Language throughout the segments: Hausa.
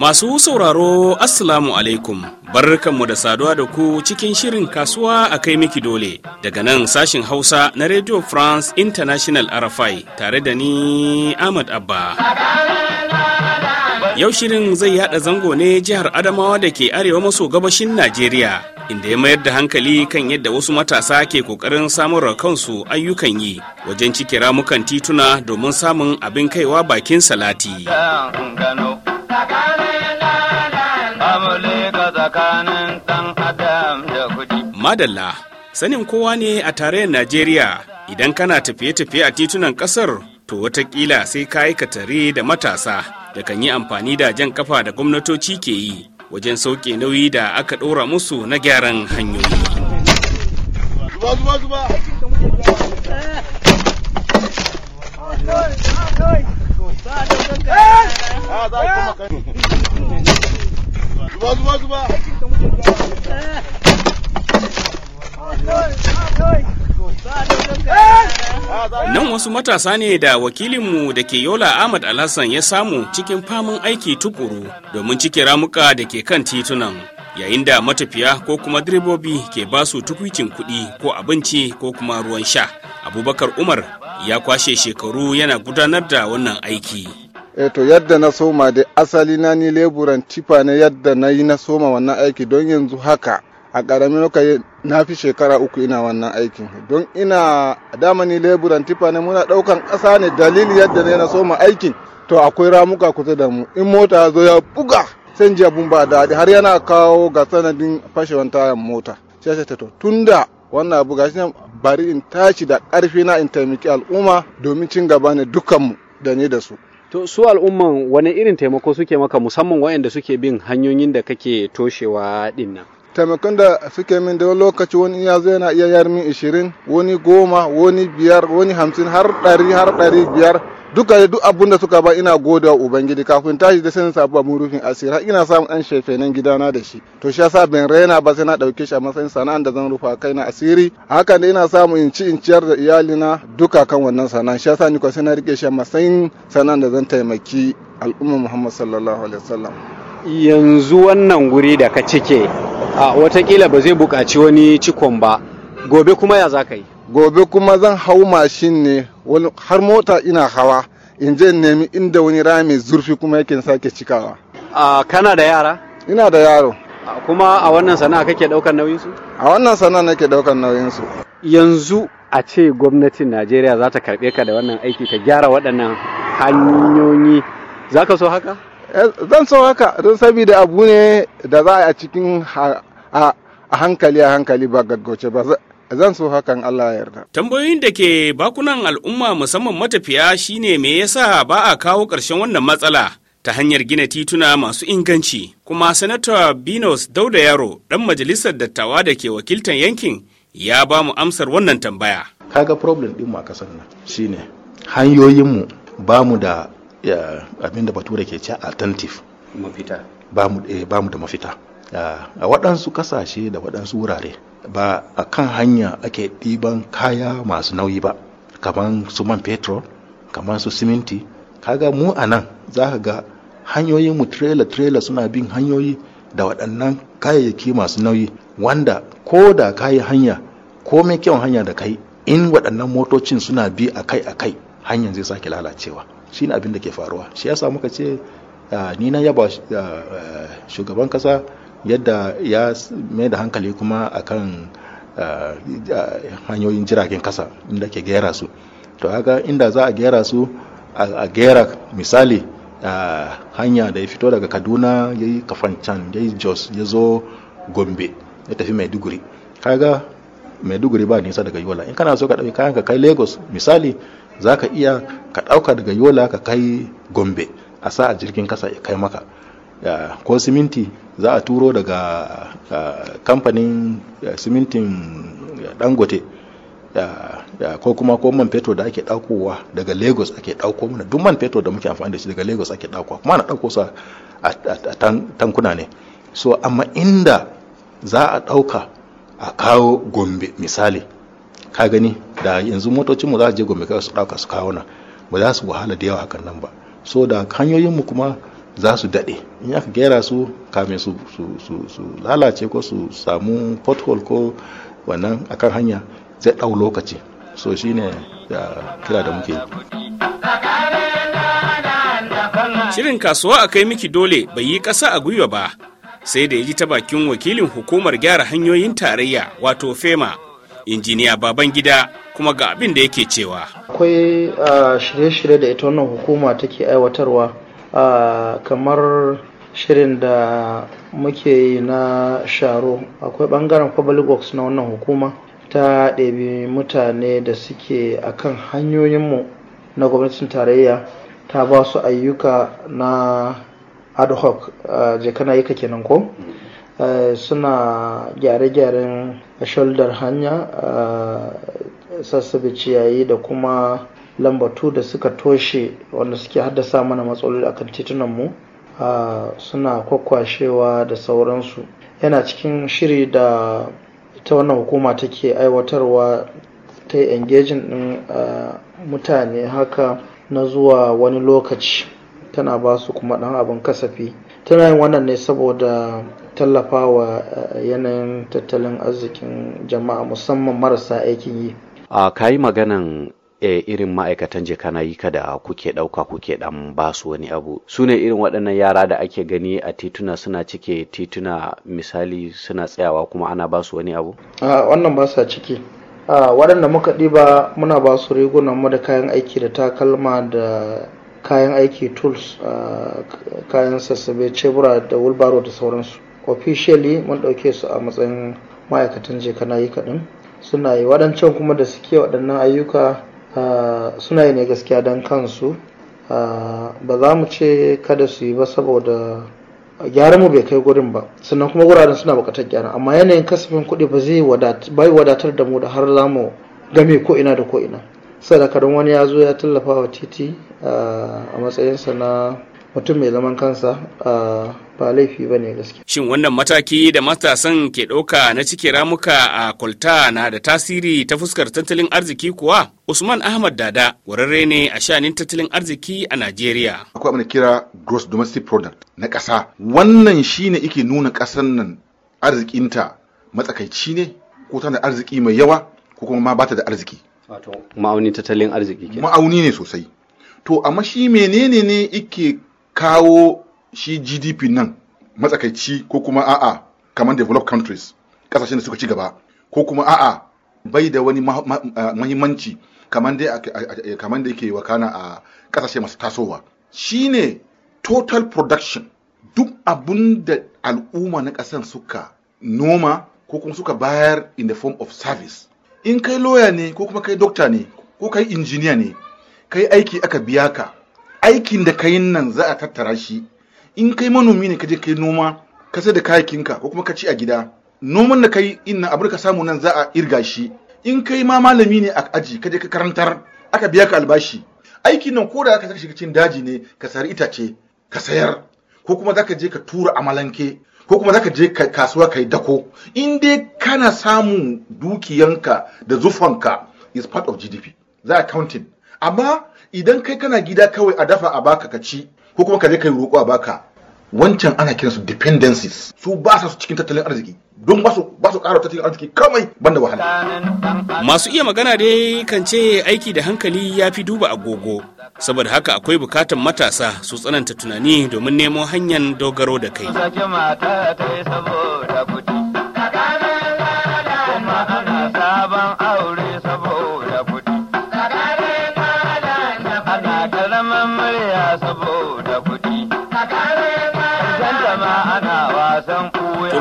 Masu sauraro Assalamu alaikum barkanmu da saduwa da ku cikin shirin kasuwa a kai miki dole daga nan sashin Hausa na Radio France International RFI tare da ni Ahmad Abba. Yau shirin zai yada zango ne jihar Adamawa da ke arewa maso gabashin Najeriya inda ya mayar da hankali kan yadda wasu matasa ke kokarin samun kansu ayyukan yi wajen cike ramukan tituna domin samun abin kaiwa bakin salati. Madalla, sanin kowa ne a tarayyar Najeriya idan kana tafiye-tafiye a titunan ƙasar to watakila sai ka yi da matasa da kan yi amfani da jan kafa da gwamnatoci ke yi wajen sauke nauyi da aka ɗora musu na gyaran hanyoyi. Nan wasu matasa ne da wakilinmu da ke Yola Ahmad Alhassan ya samu cikin famun aiki tukuru domin cike ramuka da ke kan titunan. Yayin da matafiya ko kuma direbobi ke basu tukwicin kuɗi ko abinci ko kuma ruwan sha. Abubakar Umar ya kwashe shekaru yana gudanar da wannan aiki. Eh, to yadda na soma da asali na ni leburan tifa na yadda na yi na soma wannan aiki don yanzu haka a ƙaramin lokaci na fi shekara uku ina wannan aikin don ina dama ni leburan tifa ne muna ɗaukan ƙasa ne dalili yadda ne na soma aikin to akwai ramuka kusa da mu in mota ya zo ya buga sai ji abun ba daɗi har yana kawo ga sanadin fashewan tayan mota sai to tunda wannan abu ga bari in tashi da ƙarfi na in taimaki al'umma domin cin gaba ne dukkanmu da ni da su to su al'umman wani irin taimako suke maka musamman waɗanda suke bin hanyoyin da kake toshewa dinnan taimakon da suke min da lokaci wani ya zai yana iya yar min ishirin wani goma wani biyar wani hamsin har ɗari har ɗari biyar duka da duk abun da suka ba ina goda wa ubangiji kafin tashi da sanin sabuwa abun rufin asiri ina samun ɗan shefenen gidana da shi to shi yasa ban raina ba sai na ɗauke shi a matsayin sana'an da zan rufa kaina asiri haka ne ina samu in ci in ciyar da iyalina duka kan wannan sana'a shi yasa ni ko sai na rike shi a matsayin sana'an da zan taimaki al'ummar muhammad sallallahu alaihi wasallam yanzu wannan guri da ka cike a watakila ba zai buƙaci wani cikon ba gobe kuma ya za ka yi gobe kuma zan hau mashin ne har mota ina hawa in je nemi inda wani rami zurfi kuma yake sake cikawa a kana da yara ina da yaro kuma a wannan sana'a kake daukar nauyin su a wannan sana'a nake daukar nauyin su yanzu a ce gwamnatin Najeriya za ta karbe ka da wannan aiki ta gyara waɗannan hanyoyi za ka so haka Eh, zan so haka don saboda abu ne da za a cikin a hankali a hankali ba gaggauce ba zan so hakan Allah ya yarda. Tambayoyin da ke bakunan al'umma musamman matafiya shine me yasa ba a kawo ƙarshen wannan matsala ta hanyar gina tituna masu inganci. Kuma Sanata Binos Dauda Yaro ɗan majalisar dattawa da ke wakiltan yankin ya ba mu amsar wannan tambaya. Kaga problem mu a ƙasar nan shine hanyoyinmu ba mu da abinda bature ke cewa alternative mafita ba mu eh, da mafita a waɗansu kasashe da waɗansu wurare ba a kan hanya ake ɗiban kaya masu nauyi ba kamar su man petrol kamar su siminti kaga mu a nan za ka ga hanyoyin mu trailer trailer suna bin hanyoyi da waɗannan kayayyaki masu nauyi wanda ko da kayi hanya ko mai kyau hanya da kai in waɗannan motocin suna bi akai akai hanyar zai sake lalacewa shi abin da ke faruwa shi yasa muka ce ah, ni na yaba ah, shugaban kasa yadda ya mai da hankali kuma akan ah, hanyoyin jiragen kasa inda ke gera su to haka inda za a gera su a gera misali hanya da ya fito daga kaduna ya yi kafancan ya yi jos ya zo gombe ya tafi maiduguri kaga maiduguri ba nisa daga yola in kana so ka ɗauki kayan ka kai lagos misali za ka iya ka ɗauka daga yola ka kai gombe a sa a jirgin kasa ya kai maka ko siminti za a turo daga kamfanin simintin dangote ko kuma ko man fetur da ake ɗaukowa daga lagos ake ɗauko mana duk man fetur da muke amfani da shi daga lagos ake ɗaukowa kuma ana ɗauko sa a tankuna ne so amma inda za a ɗauka a kawo gombe misali ka gani da yanzu motocin mu za su je gombe su ɗauka su kawo nan ba za su wahala da yawa hakan nan ba so da mu kuma za su daɗe in aka gera su kamin su lalace ko su samu pothole ko wannan akan hanya zai ɗau lokaci so shine da kira da muke shirin kasuwa a kai miki dole bai yi ƙasa a gwiwa ba sai da ya ji ta bakin wakilin hukumar gyara hanyoyin tarayya wato fema injiniya baban gida kuma ga abin da yake cewa akwai shirye-shirye da ita wannan hukuma take aiwatarwa kamar shirin da muke yi na sharo akwai bangaren public works na wannan hukuma ta ɗebi mutane da suke akan hanyoyinmu na gwamnatin tarayya ta ba su ayyuka na ad hoc jekana ayyuka kenan ko suna gyare-gyaren shaldar hanya sassabe ciyayi da kuma lambatu da suka toshe wanda suke haddasa mana matsaloli akan titunanmu suna kwakwashewa da sauransu yana cikin shiri da ita wannan hukuma take aiwatarwa ta yi engaging din mutane haka na zuwa wani lokaci tana ba su kuma ɗan abin kasafi tana yin wannan ne saboda tallafawa yanayin tattalin arzikin jama'a musamman marasa aikin yi a kayi maganan e, irin ma'aikatan yi ka da kuke ɗauka kuke ɗan su wani abu su ne irin waɗannan yara da ake gani a tituna suna cike tituna misali suna tsayawa kuma ana ba su wani abu a wannan ba sa ciki a waɗanda muka ɗiba muna ba su rigunan mu da kayan aiki da takalma da kayan aiki tools kayan sassabe cebura da wulbaro da sauransu officially mun ɗauke su a matsayin ma'aikatan jekanayi kaɗan suna yi waɗancan kuma da suke waɗannan ayyuka ah, suna yi ne gaskiya don kansu ah, ba za mu ce kada su yi ba saboda gyaran mu bai kai gurin ba sannan kuma wuraren suna bukatar gyara amma yanayin kasafin kuɗi ba zai wadatar da mu da har za mu game ko ina da ko ina da wani ya zo ya tallafa wa titi ah, a matsayinsa na mutum mai zaman kansa ba laifi ba ne gaske. Shin wannan mataki da matasan ke ɗauka na cike ramuka a kwalta na da tasiri ta fuskar tattalin arziki kuwa? Usman Ahmad Dada wararre ne a shanin tattalin arziki a Najeriya. Akwai abin da kira gross domestic product na ƙasa. Wannan shi ne ike nuna ƙasar nan arzikinta matsakaici ne ko tana da arziki mai yawa ko kuma ma bata da arziki. ma'auni tattalin arziki Ma'auni ne sosai. To amma shi menene ne ike kawo shi gdp nan matsakaici ko kuma a'a kamar developed countries kasashen da suka ci gaba ko kuma a'a bai da wani eh, mahimmanci kamar eh, eh, da yake wakana a kasashe masu tasowa shine total production duk abun da al'umma na ƙasan suka noma ko kuma suka bayar in the form of service in kai loya ne ko kuma kai dokta ne ko kai injiniya ne kai aiki aka biya ka aikin da ka yin nan za a tattara shi in kai manomi ne ka je kai noma ka sai da kayakinka ko kuma ka ci a gida noman da kai in na abin ka samu nan za a irga shi in kai ma malami ne a aji ka je ka karantar aka biya ka albashi aikin nan ko da aka saka cikin daji ne ka sari itace ka sayar ko kuma za ka je ka tura amalanke ko kuma za ka je kasuwa kai dako in dai kana samun dukiyanka da zufanka is part of GDP za accounting amma idan kai kana gida kawai a dafa a baka ka ci ko kuma ka je kai roƙo a baka wancan ana kiran su dependencies su ba sa su cikin tattalin arziki don ba su ƙara tattalin arziki kamai banda wahala. Masu iya magana dai kan ce aiki da hankali ya fi duba agogo, saboda haka akwai bukatan matasa su tsananta tunani domin nemo hanyar dogaro da kai.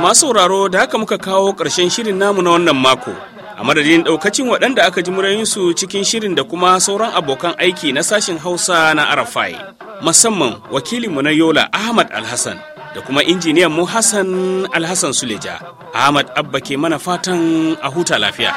masu sauraro da haka muka kawo ƙarshen shirin namu na wannan mako. A madadin ɗaukacin waɗanda aka ji murayinsu cikin shirin da kuma sauran abokan aiki na sashen Hausa na Arafai. Musamman wakilinmu na Yola Ahmad Alhassan da kuma injiniyan mu Hassan Alhassan Suleja. Ahmad Abba ke mana fatan a huta lafiya.